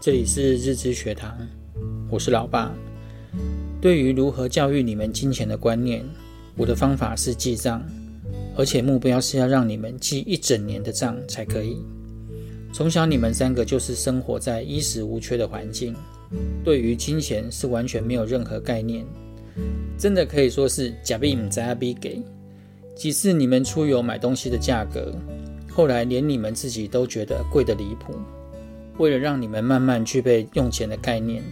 這裡是日資學堂，我是老爸。對於如何教育你們金錢的觀念，我的方法是記賬，而且目標是要讓你們記一整年的賬才可以。從小你們三個就是生活在衣食無缺的環境，對於金錢是完全沒有任何概念，真的可以說是假幣在阿 B 給。幾次你們出遊買東西的價格，後來連你們自己都覺得貴得離譜。為了讓你們慢慢具備用錢的概念，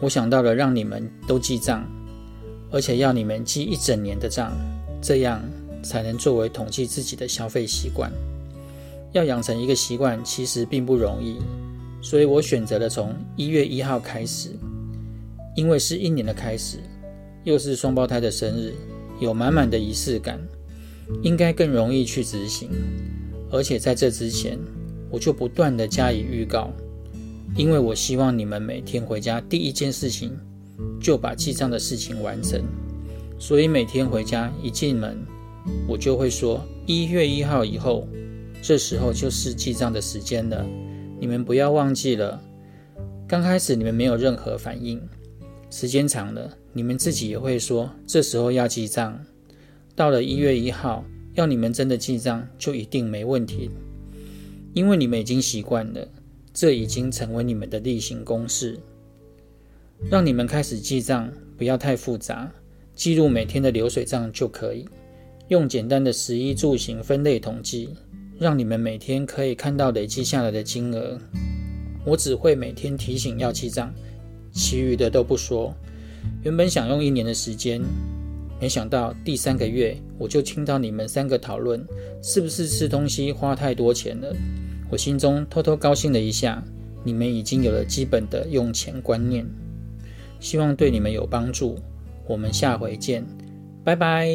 我想到了讓你們都記賬，而且要你們記一整年的賬，這樣才能作為統計自己的消費習慣。要養成一個習慣，其實並不容易，所以我選擇了從一月一號開始，因為是一年的開始，又是雙胞胎的生日，有滿滿的儀式感，應該更容易去執行。而且在這之前，我就不斷地加以預告，因為我希望你們每天回家第一件事情就把記賬的事情完成，所以每天回家一進門，我就會說一月一號以後，這時候就是記賬的時間了，你們不要忘記了。剛開始你們沒有任何反應，時間長了，你們自己也會說，這時候要記賬。到了一月一號，要你們真的記賬，就一定沒問題。因為你們已經習慣了，這已經成為你們的例行公事。讓你們開始記賬，不要太複雜，記錄每天的流水賬就可以。用簡單的食衣住行分類統計，讓你們每天可以看到累積下來的金額。我只會每天提醒要記賬，其餘的都不說。原本想用一年的時間。沒想到第三個月，我就聽到你們三個討論是不是吃東西花太多錢了，我心中偷偷高興了一下。你們已經有了基本的用錢觀念，希望對你們有幫助。我們下回見，拜拜。